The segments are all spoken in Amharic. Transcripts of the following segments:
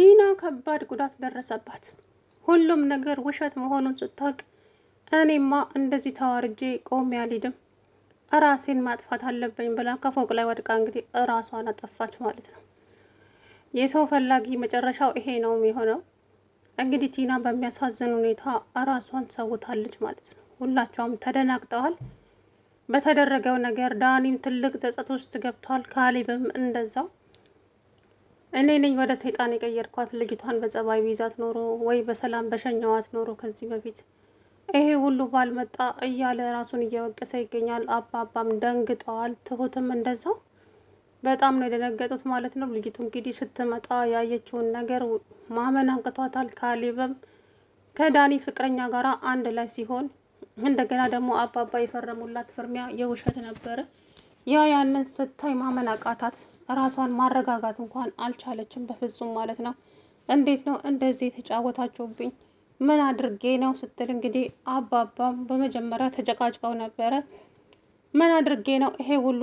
ቲና ከባድ ጉዳት ደረሰባት። ሁሉም ነገር ውሸት መሆኑን ስታውቅ እኔማ እንደዚህ ተዋርጄ ቆሜ አልሄድም፣ ራሴን ማጥፋት አለብኝ ብላ ከፎቅ ላይ ወድቃ እንግዲህ እራሷን አጠፋች ማለት ነው። የሰው ፈላጊ መጨረሻው ይሄ ነው የሆነው። እንግዲህ ቲና በሚያሳዝን ሁኔታ እራሷን ሰውታለች ማለት ነው። ሁላቸውም ተደናግጠዋል። በተደረገው ነገር ዳኒም ትልቅ ጸጸት ውስጥ ገብቷል። ካሊብም እንደዛው እኔ ነኝ ወደ ሰይጣን የቀየርኳት ልጅቷን በጸባይ ቢይዛት ኖሮ ወይ በሰላም በሸኛዋት ኖሮ ከዚህ በፊት ይሄ ሁሉ ባልመጣ እያለ ራሱን እየወቀሰ ይገኛል። አባባም ደንግጠዋል። ትሁትም እንደዛው በጣም ነው የደነገጡት ማለት ነው። ልጅቱ እንግዲህ ስትመጣ ያየችውን ነገር ማመን አንቅቷታል። ካሌብም ከዳኒ ፍቅረኛ ጋር አንድ ላይ ሲሆን እንደገና ደግሞ አባባ የፈረሙላት ፍርሚያ የውሸት ነበረ። ያ ያንን ስታይ ማመን አቃታት። ራሷን ማረጋጋት እንኳን አልቻለችም፣ በፍጹም ማለት ነው። እንዴት ነው እንደዚህ የተጫወታችሁብኝ? ምን አድርጌ ነው ስትል እንግዲህ አባባም በመጀመሪያ ተጨቃጭቀው ነበረ። ምን አድርጌ ነው ይሄ ሁሉ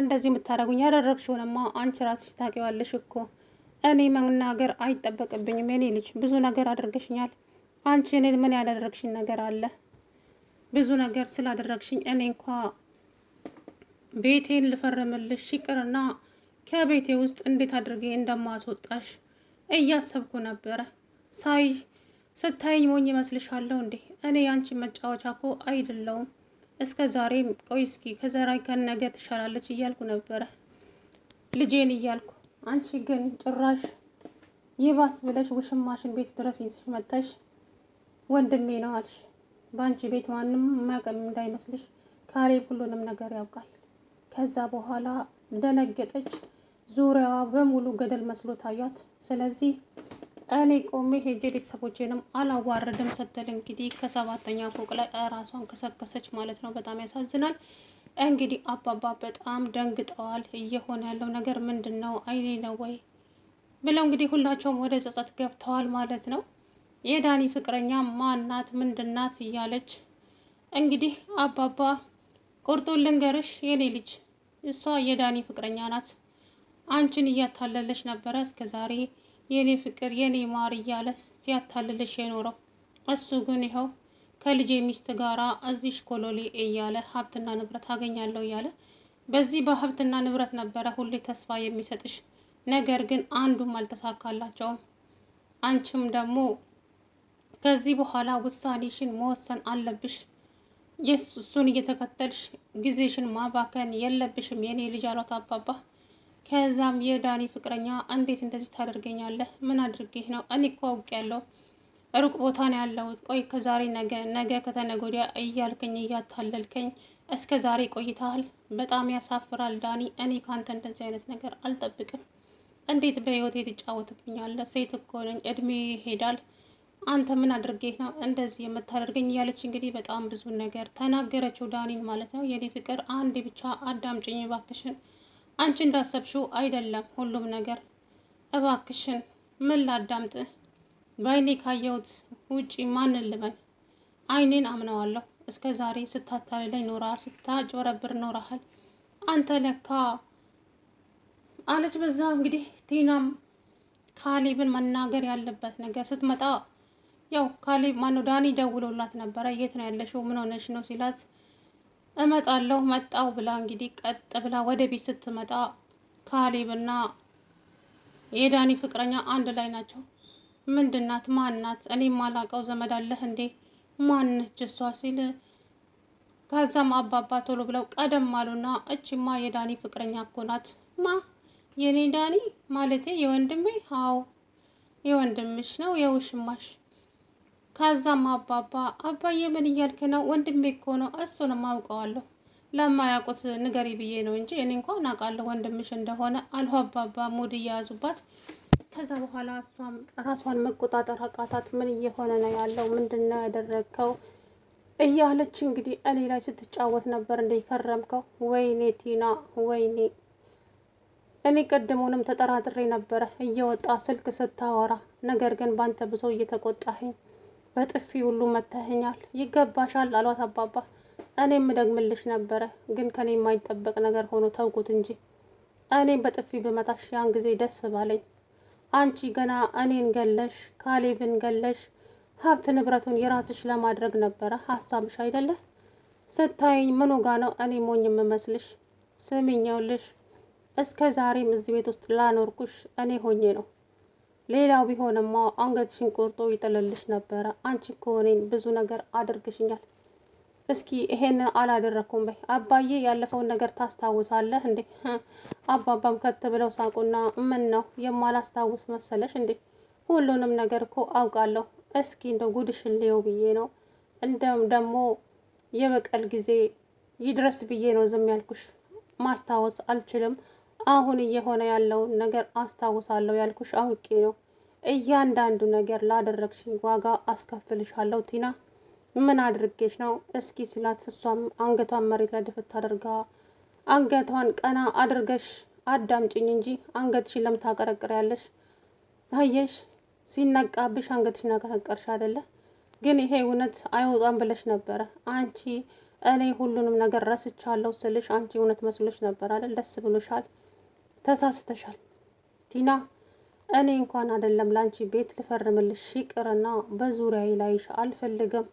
እንደዚህ የምታደርጉኝ? ያደረግሽውንማ አንቺ ራስሽ ታውቂዋለሽ እኮ እኔ መናገር አይጠበቅብኝም። የኔ ልጅ ብዙ ነገር አድርገሽኛል። አንቺ እኔን ምን ያደረግሽኝ ነገር አለ? ብዙ ነገር ስላደረግሽኝ እኔ እንኳ ቤቴን ልፈርምልሽ ይቅርና ከቤቴ ውስጥ እንዴት አድርጌ እንደማስወጣሽ እያሰብኩ ነበረ። ሳይ ስታይኝ ሞኝ ይመስልሻለሁ እንዴ? እኔ ያንቺ መጫወቻ እኮ አይደለውም። እስከ ዛሬ ቆይ እስኪ ከነገ ትሻላለች እያልኩ ነበረ ልጄን እያልኩ አንቺ ግን ጭራሽ ይባስ ብለሽ ውሽማሽን ቤት ድረስ ይዘሽ መጣሽ። ወንድሜ ነው አልሽ። በአንቺ ቤት ማንም የማያውቅም እንዳይመስልሽ፣ ካሬ ሁሉንም ነገር ያውቃል። ከዛ በኋላ ደነገጠች። ዙሪያዋ በሙሉ ገደል መስሎ ታያት። ስለዚህ እኔ ቆሜ ሄጄ ቤተሰቦቼንም አላዋረድም ስትል እንግዲህ ከሰባተኛ ፎቅ ላይ ራሷን ከሰከሰች ማለት ነው። በጣም ያሳዝናል። እንግዲህ አባባ በጣም ደንግጠዋል። እየሆነ ያለው ነገር ምንድን ነው? አይኔ ነው ወይ ብለው እንግዲህ ሁላቸውም ወደ ጸጸት ገብተዋል ማለት ነው። የዳኒ ፍቅረኛ ማናት? ምንድናት? እያለች እንግዲህ አባባ ቁርጡን ልንገርሽ የኔ ልጅ፣ እሷ የዳኒ ፍቅረኛ ናት አንቺን እያታለለች ነበረ እስከ ዛሬ የኔ ፍቅር የኔ ማር እያለ ሲያታልልሽ የኖረው። እሱ ግን ይኸው ከልጄ ሚስት ጋራ እዚሽ ኮሎሌ እያለ ሀብትና ንብረት አገኛለሁ እያለ በዚህ በሀብትና ንብረት ነበረ ሁሌ ተስፋ የሚሰጥሽ። ነገር ግን አንዱም አልተሳካላቸውም። አንቺም ደግሞ ከዚህ በኋላ ውሳኔሽን መወሰን አለብሽ። የሱን እየተከተልሽ ጊዜሽን ማባከን የለብሽም የኔ ልጅ አሏት አባባ። ከዛም የዳኒ ፍቅረኛ እንዴት እንደዚህ ታደርገኛለህ? ምን አድርጌህ ነው? እኔ እኮ አውቄያለሁ፣ ሩቅ ቦታ ነው ያለሁት። ቆይ ከዛሬ ነገ፣ ነገ ከተነገ ወዲያ እያልከኝ እያታለልከኝ እስከ ዛሬ ቆይተሃል። በጣም ያሳፍራል ዳኒ። እኔ ከአንተ እንደዚህ አይነት ነገር አልጠብቅም። እንዴት በህይወት የተጫወትብኛለህ? ሴት እኮ ነኝ፣ እድሜ ይሄዳል። አንተ ምን አድርጌህ ነው እንደዚህ የምታደርገኝ? እያለች እንግዲህ በጣም ብዙ ነገር ተናገረችው ዳኒን ማለት ነው። የኔ ፍቅር አንዴ ብቻ አዳምጭኝ እባክሽን አንቺ እንዳሰብሽው አይደለም ሁሉም ነገር። እባክሽን ምን ላዳምጥ? በአይኔ ካየሁት ውጪ ማንን ልበል? አይኔን አምነዋለሁ። እስከ ዛሬ ስታታልለኝ ኖረሃል፣ ስታጭበረብር ኖረሃል። አንተ ለካ አለች። በዛ እንግዲህ ቲናም ካሌብን መናገር ያለበት ነገር ስትመጣ ያው ካሌብ ማነው ዳኒ ደውሎላት ነበረ። የት ነው ያለሽው? ምን ሆነሽ ነው ሲላት እመጣለሁ መጣው ብላ እንግዲህ ቀጥ ብላ ወደ ቤት ስትመጣ ካሌብና የዳኒ ፍቅረኛ አንድ ላይ ናቸው። ምንድናት? ማናት? እኔ ማላቀው ዘመድ አለህ እንዴ? ማነች እሷ ሲል ከዛም አባባ ቶሎ ብለው ቀደም አሉና እቺማ የዳኒ ፍቅረኛ እኮ ናት። ማ የኔ ዳኒ ማለቴ የወንድሜ? አዎ የወንድምሽ ነው የውሽማሽ ከዛም አባባ አባዬ ምን እያልክ ነው? ወንድሜ እኮ ነው፣ እሱንም አውቀዋለሁ። ለማያውቁት ንገሪ ብዬ ነው እንጂ እኔ እንኳን አውቃለሁ ወንድምሽ እንደሆነ አልሁ። አባባ ሙድ እየያዙባት ከዛ በኋላ እሷም ራሷን መቆጣጠር አቃታት። ምን እየሆነ ነው ያለው? ምንድን ነው ያደረግከው? እያለች እንግዲህ እኔ ላይ ስትጫወት ነበር እንደ ከረምከው። ወይኔ ቲና፣ ወይኔ እኔ ቀድሞውንም ተጠራጥሬ ነበረ እየወጣ ስልክ ስታወራ፣ ነገር ግን ባንተ ብሰው እየተቆጣኸኝ በጥፊ ሁሉ መታኸኛል፣ ይገባሻል አሏት አባባ። እኔም ምደግምልሽ ነበረ፣ ግን ከኔ የማይጠበቅ ነገር ሆኖ ተውኩት እንጂ እኔ በጥፊ ብመታሽ ያን ጊዜ ደስ ባለኝ። አንቺ ገና እኔን ገለሽ፣ ካሌብን ገለሽ፣ ሀብት ንብረቱን የራስሽ ለማድረግ ነበረ ሀሳብሽ አይደለ? ስታይኝ ምኑ ጋ ነው እኔ ሞኝ የምመስልሽ? ስሚኛውልሽ እስከ ዛሬም እዚህ ቤት ውስጥ ላኖርኩሽ እኔ ሆኜ ነው ሌላው ቢሆንማ አንገትሽን ቆርጦ ይጥልልሽ ነበረ። አንቺ ከሆኔን ብዙ ነገር አድርግሽኛል። እስኪ ይሄንን አላደረግኩም በይ። አባዬ ያለፈውን ነገር ታስታውሳለህ እንዴ? አባባም ከት ብለው ሳቁና፣ ምን ነው የማላስታውስ መሰለሽ እንዴ? ሁሉንም ነገር እኮ አውቃለሁ። እስኪ እንደው ጉድሽን ልየው ብዬ ነው። እንደም ደግሞ የበቀል ጊዜ ይድረስ ብዬ ነው ዝም ያልኩሽ። ማስታወስ አልችልም አሁን እየሆነ ያለውን ነገር አስታውሳለሁ ያልኩሽ አውቄ ነው። እያንዳንዱ ነገር ላደረግሽኝ ዋጋ አስከፍልሻለሁ ቲና። ምን አድርጌሽ ነው እስኪ ስላት፣ እሷም አንገቷን መሬት ላይ ድፍት አድርጋ አንገቷን ቀና አድርገሽ አዳምጭኝ እንጂ አንገትሽን ለምታቀረቅር ያለሽ አየሽ ሲነቃብሽ አንገትሽን አቀረቀርሽ አይደለ? ግን ይሄ እውነት አይወጣም ብለሽ ነበረ አንቺ። እኔ ሁሉንም ነገር ረስቻለሁ ስልሽ አንቺ እውነት መስሎሽ ነበር አይደል? ደስ ብሎሻል። ተሳስተሻል ቲና። እኔ እንኳን አይደለም ላንቺ ቤት ልፈርምልሽ ይቅርና በዙሪያ ላይሽ አልፈልግም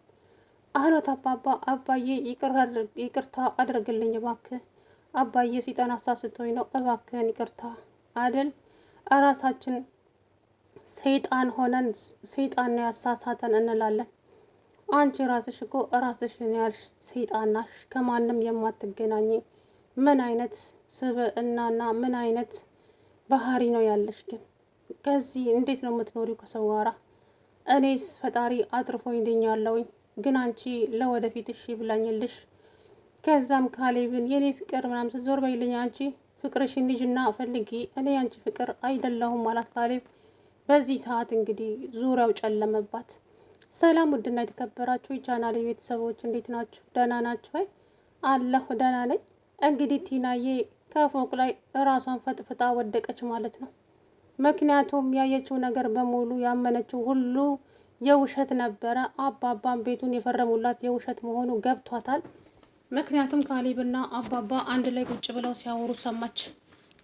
አህሎት አባባ አባዬ ይቅርታ አድርግልኝ እባክህ አባዬ ሲጠና አሳስቶኝ ነው እባክህን ይቅርታ አይደል እራሳችን ሰይጣን ሆነን ሰይጣን ነው ያሳሳተን እንላለን አንቺ ራስሽ እኮ ራስሽን ያልሽ ሰይጣን ናሽ ከማንም የማትገናኝ ምን አይነት ስብዕናና ምን አይነት ባህሪ ነው ያለሽ? ግን ከዚህ እንዴት ነው የምትኖሪው ከሰው ጋራ? እኔስ ፈጣሪ አትርፎኝ ድኛለሁኝ። ግን አንቺ ለወደፊት እሺ ብላኝልሽ፣ ከዛም ካሌብን የኔ ፍቅር ምናምን ስትዞር በይልኝ አንቺ ፍቅርሽን ልጅና ፈልጊ፣ እኔ አንቺ ፍቅር አይደለሁም አላት ካሌብ። በዚህ ሰዓት እንግዲህ ዙሪያው ጨለመባት። ሰላም ውድና የተከበራችሁ የቻናሌ ቤተሰቦች እንዴት ናችሁ? ደህና ናችሁ ወይ? አለሁ ደህና ነኝ። እንግዲህ ቲናዬ ከፎቅ ላይ እራሷን ፈጥፍጣ ወደቀች ማለት ነው። ምክንያቱም ያየችው ነገር በሙሉ ያመነችው ሁሉ የውሸት ነበረ። አባባን ቤቱን የፈረሙላት የውሸት መሆኑ ገብቷታል። ምክንያቱም ካሊብና አባባ አንድ ላይ ቁጭ ብለው ሲያወሩ ሰማች።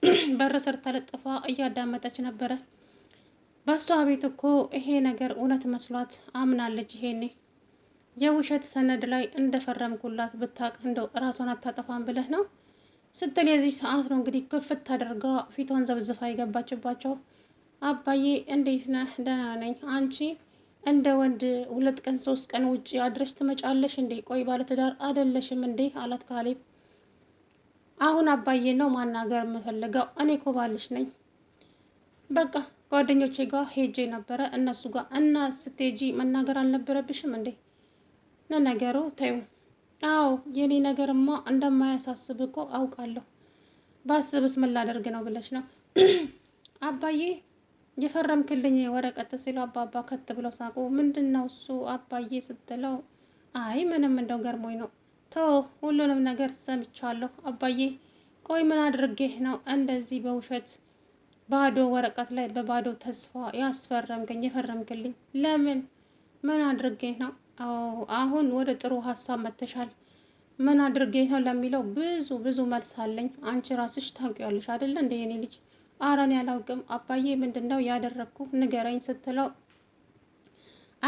በር ስር ተለጥፋ እያዳመጠች ነበረ። በሷ ቤት እኮ ይሄ ነገር እውነት መስሏት አምናለች። ይሄኔ የውሸት ሰነድ ላይ እንደፈረምኩላት ብታቅ እንደው እራሷን አታጠፋም ብለህ ነው ስትል የዚህ ሰዓት ነው እንግዲህ ክፍት አድርጋ ፊቷን ዘብዝፋ የገባችባቸው። አባዬ እንዴት ነህ? ደህና ነኝ። አንቺ እንደ ወንድ ሁለት ቀን ሶስት ቀን ውጭ አድረሽ ትመጫለሽ እንዴ? ቆይ ባለትዳር አይደለሽም እንዴ? አላት ካሌብ። አሁን አባዬ ነው ማናገር የምፈልገው። እኔ እኮ ባልሽ ነኝ። በቃ ጓደኞቼ ጋር ሄጄ ነበረ እነሱ ጋር እና ስትሄጂ መናገር አልነበረብሽም እንዴ? ለነገሩ ተዩ። አዎ የኔ ነገርማ እንደማያሳስብ እኮ አውቃለሁ። ባስብስ ምን ላደርግ ነው ብለሽ ነው አባዬ የፈረምክልኝ ወረቀት ሲሉ አባባ ከት ብለው ሳቁ። ምንድን ነው እሱ አባዬ ስትለው፣ አይ ምንም እንደው ገርሞኝ ነው። ተው ሁሉንም ነገር ሰምቻለሁ አባዬ። ቆይ ምን አድርጌህ ነው እንደዚህ በውሸት ባዶ ወረቀት ላይ በባዶ ተስፋ ያስፈረምከኝ የፈረምክልኝ? ለምን ምን አድርጌህ ነው? አዎ አሁን ወደ ጥሩ ሀሳብ መተሻል። ምን አድርጌ ነው ለሚለው ብዙ ብዙ መልስ አለኝ። አንቺ ራስሽ ታውቂዋለሽ አይደለ እንደ የኔ ልጅ። ኧረ እኔ አላውቅም አባዬ፣ ምንድን ነው ያደረግኩ ንገረኝ ስትለው፣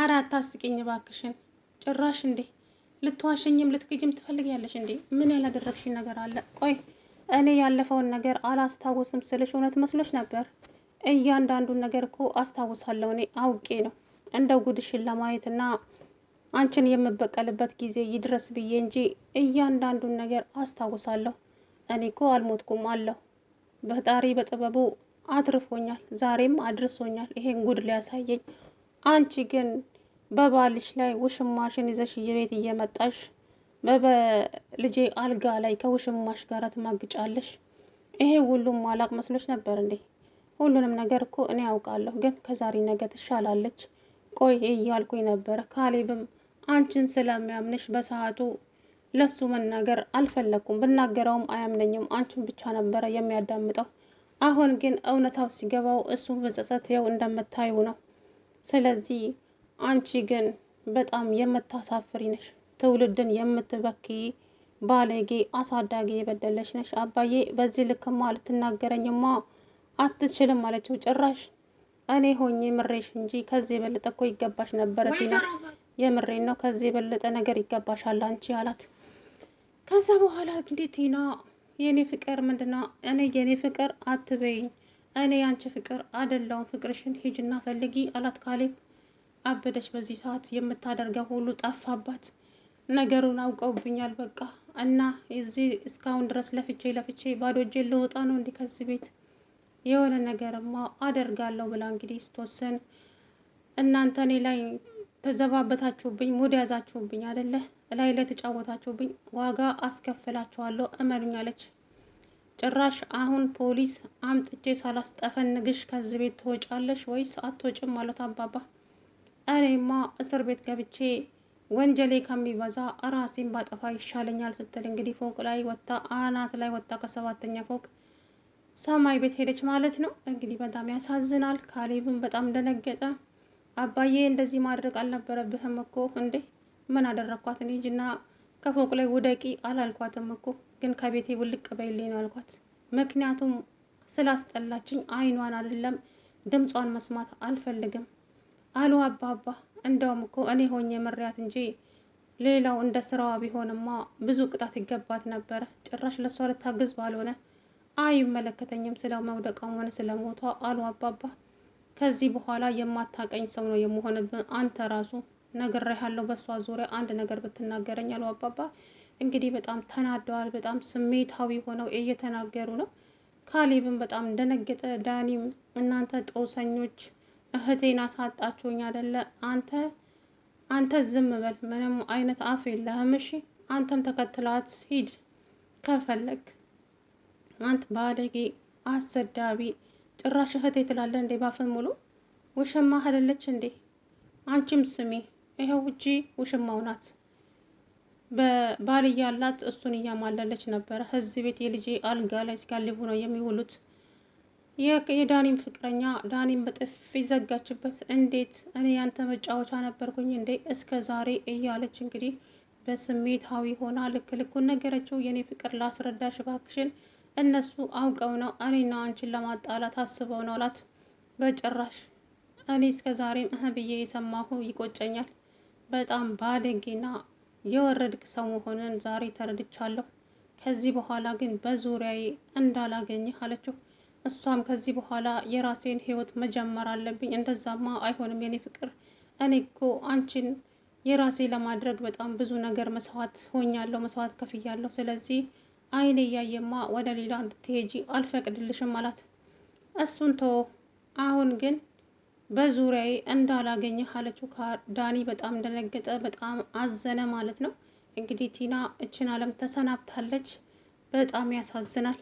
አረ አታስቂኝ ባክሽን ጭራሽ እንዴ ልትዋሽኝም ልትክጅም ትፈልጊያለሽ እንዴ? ምን ያላደረግሽ ነገር አለ? ቆይ እኔ ያለፈውን ነገር አላስታውስም ስልሽ እውነት መስሎሽ ነበር? እያንዳንዱን ነገር እኮ አስታውሳለሁ እኔ አውቄ ነው እንደው ጉድሽን ለማየትና አንቺን የምበቀልበት ጊዜ ይድረስ ብዬ እንጂ እያንዳንዱን ነገር አስታውሳለሁ። እኔ እኮ አልሞትኩም አለሁ። በጣሪ በጥበቡ አትርፎኛል፣ ዛሬም አድርሶኛል ይሄን ጉድ ሊያሳየኝ። አንቺ ግን በባልሽ ላይ ውሽማሽን ይዘሽ እየቤት እየመጣሽ በልጄ አልጋ ላይ ከውሽማሽ ጋር ትማግጫለሽ። ይሄ ሁሉም ማላቅ መስሎች ነበር እንዴ? ሁሉንም ነገር እኮ እኔ ያውቃለሁ። ግን ከዛሬ ነገ ትሻላለች። ቆይ እያልኩኝ ነበረ ካሌብም አንቺን ስለሚያምንሽ በሰዓቱ ለሱ መናገር አልፈለግኩም። ብናገረውም አያምነኝም። አንቺን ብቻ ነበረ የሚያዳምጠው። አሁን ግን እውነታው ሲገባው እሱ በጸጸት ይኸው እንደምታዩ ነው። ስለዚህ አንቺ ግን በጣም የምታሳፍሪ ነሽ። ትውልድን የምትበክይ ባለጌ አሳዳጊ የበደለች ነሽ። አባዬ በዚህ ልክማ ልትናገረኝማ አትችልም አለችው። ጭራሽ እኔ ሆኜ ምሬሽ እንጂ ከዚህ የበለጠ እኮ ይገባሽ ነበረ ቲና የምሬን ነው ከዚህ የበለጠ ነገር ይገባሻል አንቺ አላት። ከዛ በኋላ እንግዲህ ቲና የእኔ ፍቅር ምንድነው እኔ የእኔ ፍቅር አትበይኝ፣ እኔ የአንቺ ፍቅር አደለውም፣ ፍቅርሽን ሂጅና ፈልጊ አላት ካሌብ። አበደች። በዚህ ሰዓት የምታደርገው ሁሉ ጠፋባት። ነገሩን አውቀውብኛል በቃ እና እዚህ እስካሁን ድረስ ለፍቼ ለፍቼ ባዶ እጄን ልወጣ ነው እንዲህ ከዚህ ቤት የሆነ ነገርማ አደርጋለሁ ብላ እንግዲህ ስትወስን እናንተ እኔ ላይ ተዘባበታችሁብኝ፣ ሙድ ያዛችሁብኝ አይደለ? እላይ ላይ ተጫወታችሁብኝ፣ ዋጋ አስከፍላችኋለሁ እመኑኝ አለች። ጭራሽ አሁን ፖሊስ አምጥቼ ሳላስጠፈንግሽ ከዚህ ቤት ትወጫለሽ ወይስ አትወጭም? አሉት አባባ። እኔማ እስር ቤት ገብቼ ወንጀሌ ከሚበዛ ራሴን ባጠፋ ይሻለኛል ስትል እንግዲህ ፎቅ ላይ ወጣ አናት ላይ ወጣ ከሰባተኛ ፎቅ ሰማይ ቤት ሄደች ማለት ነው። እንግዲህ በጣም ያሳዝናል። ካሌብን በጣም ደነገጠ። አባዬ እንደዚህ ማድረግ አልነበረብህም እኮ እንዴ! ምን አደረግኳት? እኔ ሂጂና ከፎቅ ላይ ውደቂ አላልኳትም እኮ ግን ከቤቴ ውልቅ በይልኝ ነው አልኳት ምክንያቱም ስላስጠላችኝ አይኗን አይደለም ድምጿን መስማት አልፈልግም አሉ አባባ። እንደውም እኮ እኔ ሆኜ መሪያት እንጂ ሌላው እንደ ስራዋ ቢሆንማ ብዙ ቅጣት ይገባት ነበረ። ጭራሽ ለእሷ ልታግዝ ባልሆነ አይመለከተኝም ስለ መውደቃም ሆነ ስለሞቷ አሉ አባባ። ከዚህ በኋላ የማታቀኝ ሰው ነው የምሆንብህ። አንተ ራሱ ነግሬሃለሁ፣ በእሷ ዙሪያ አንድ ነገር ብትናገረኝ አሉ አባባ። እንግዲህ በጣም ተናደዋል። በጣም ስሜታዊ ሆነው እየተናገሩ ነው። ካሌብም በጣም ደነገጠ። ዳኒም እናንተ ጦሰኞች እህቴን አሳጣችሁኝ አደለ? አንተ አንተ ዝም በል፣ ምንም አይነት አፍ የለህም። እሺ አንተም ተከትላት ሂድ ከፈለግ። አንተ ባለጌ አሰዳቢ ጭራሽ እህቴ ትላለ እንዴ? ባፍን ሙሉ ውሽማ አይደለች እንዴ? አንቺም ስሚ፣ ይኸው እጂ ውሽማው ናት። በባል እያላት እሱን እያማለለች ነበረ። እዚህ ቤት የልጄ አልጋ ላይ እስካሊቡ ነው የሚውሉት። የዳኒም ፍቅረኛ ዳኒም በጥፊ ዘጋችበት። እንዴት እኔ ያንተ መጫወቻ ነበርኩኝ እንዴ እስከ ዛሬ እያለች እንግዲህ በስሜታዊ ሆና ልክ ልኩን ነገረችው። የእኔ ፍቅር ላስረዳሽ እባክሽን እነሱ አውቀው ነው እኔና አንቺን ለማጣላት አስበው ነው አላት። በጭራሽ እኔ እስከ ዛሬም እህ ብዬ የሰማሁ ይቆጨኛል። በጣም ባለጌና የወረድክ ሰው መሆንን ዛሬ ተረድቻለሁ። ከዚህ በኋላ ግን በዙሪያዬ እንዳላገኘ አለችው። እሷም ከዚህ በኋላ የራሴን ህይወት መጀመር አለብኝ፣ እንደዛማ አይሆንም የኔ ፍቅር። እኔ እኮ አንቺን የራሴ ለማድረግ በጣም ብዙ ነገር መስዋዕት ሆኛለሁ፣ መስዋዕት ከፍያለሁ። ስለዚህ አይኔ እያየማ ወደ ሌላ እንድትሄጂ አልፈቅድልሽም አላት። እሱን ቶ አሁን ግን በዙሪያዬ እንዳላገኘህ አለችው። ዳኒ በጣም እንደነገጠ በጣም አዘነ ማለት ነው። እንግዲህ ቲና እችን ዓለም ተሰናብታለች። በጣም ያሳዝናል።